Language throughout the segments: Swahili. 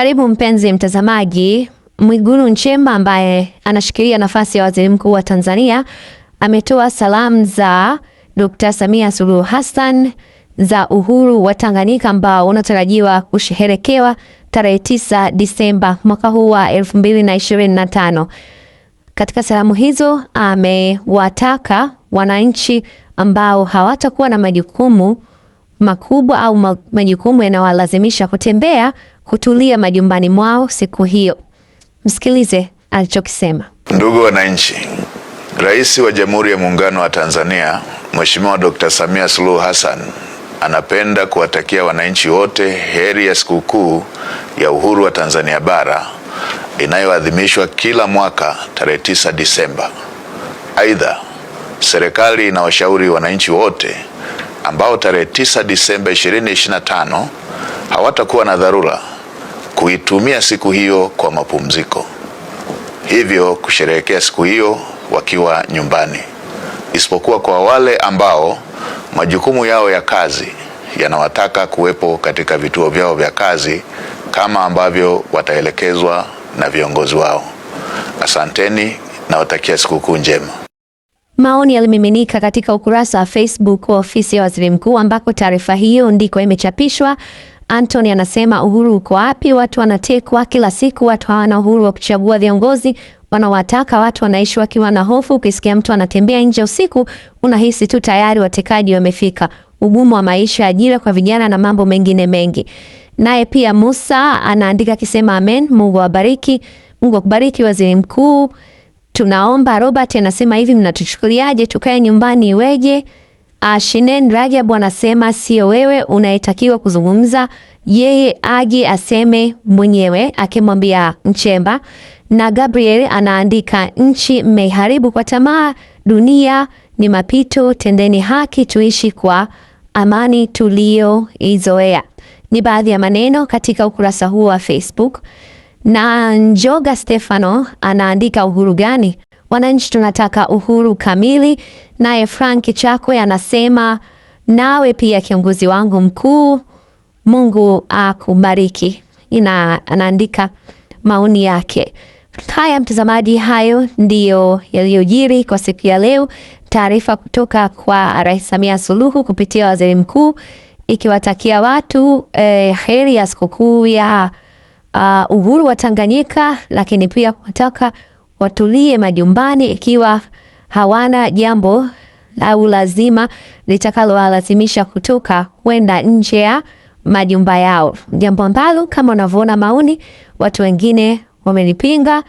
Karibu mpenzi mtazamaji. Mwigulu Nchemba ambaye anashikilia nafasi ya waziri mkuu wa Tanzania ametoa salamu za Dr. Samia Suluhu Hassan za uhuru wa Tanganyika ambao unatarajiwa kusherekewa tarehe 9 Disemba mwaka huu wa 2025. Katika salamu hizo amewataka wananchi ambao hawatakuwa na majukumu makubwa au majukumu yanawalazimisha kutembea hutulia majumbani mwao siku hiyo. Msikilize alichokisema. Ndugu wananchi, Rais wa Jamhuri ya Muungano wa Tanzania Mheshimiwa Dr. Samia Suluhu Hassan anapenda kuwatakia wananchi wote heri ya sikukuu ya uhuru wa Tanzania bara inayoadhimishwa kila mwaka tarehe 9 Disemba. Aidha, serikali inawashauri wananchi wote ambao tarehe 9 Disemba 2025 hawatakuwa na dharura kuitumia siku hiyo kwa mapumziko, hivyo kusherehekea siku hiyo wakiwa nyumbani, isipokuwa kwa wale ambao majukumu yao ya kazi yanawataka kuwepo katika vituo vyao vya kazi kama ambavyo wataelekezwa na viongozi wao. Asanteni, nawatakia sikukuu njema. Maoni yalimiminika katika ukurasa wa Facebook wa ofisi ya waziri mkuu, ambako taarifa hiyo ndiko imechapishwa. Anthony anasema uhuru uko wapi? Watu wanatekwa kila siku, watu hawana uhuru wa kuchagua viongozi wanawataka, watu wanaishi wakiwa na hofu. Ukisikia mtu anatembea nje usiku, unahisi tu tayari watekaji wamefika. Ugumu wa maisha, ajira kwa vijana na mambo mengine mengi. Naye pia Musa anaandika akisema amen, Mungu awabariki, Mungu akubariki waziri mkuu. Tunaomba. Robert anasema hivi, mnatuchukuliaje tukae nyumbani iweje? Ah, Shinen Rajab anasema sio wewe unayetakiwa kuzungumza, yeye aje aseme mwenyewe, akimwambia Nchemba. Na Gabriel anaandika nchi mmeharibu kwa tamaa, dunia ni mapito, tendeni haki, tuishi kwa amani tuliyoizoea. Ni baadhi ya maneno katika ukurasa huo wa Facebook. Na Njoga Stefano anaandika uhuru gani? Wananchi tunataka uhuru kamili. Naye Frank Chakwe anasema nawe pia kiongozi wangu mkuu, Mungu akubariki. Ina anaandika maoni yake. Haya mtazamaji, hayo ndiyo yaliyojiri kwa siku ya leo. Taarifa kutoka kwa Rais Samia Suluhu kupitia waziri mkuu ikiwatakia watu eh, heri ya sikukuu ya uh, uhuru wa Tanganyika, lakini pia kuwataka watulie majumbani ikiwa hawana jambo au lazima litakalowalazimisha kutoka kwenda nje ya majumba yao, jambo ambalo kama unavyoona maoni watu wengine wamelipinga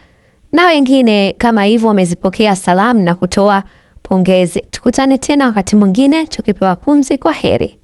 na wengine kama hivyo wamezipokea salamu na kutoa pongezi. Tukutane tena wakati mwingine tukipewa pumzi. Kwa heri.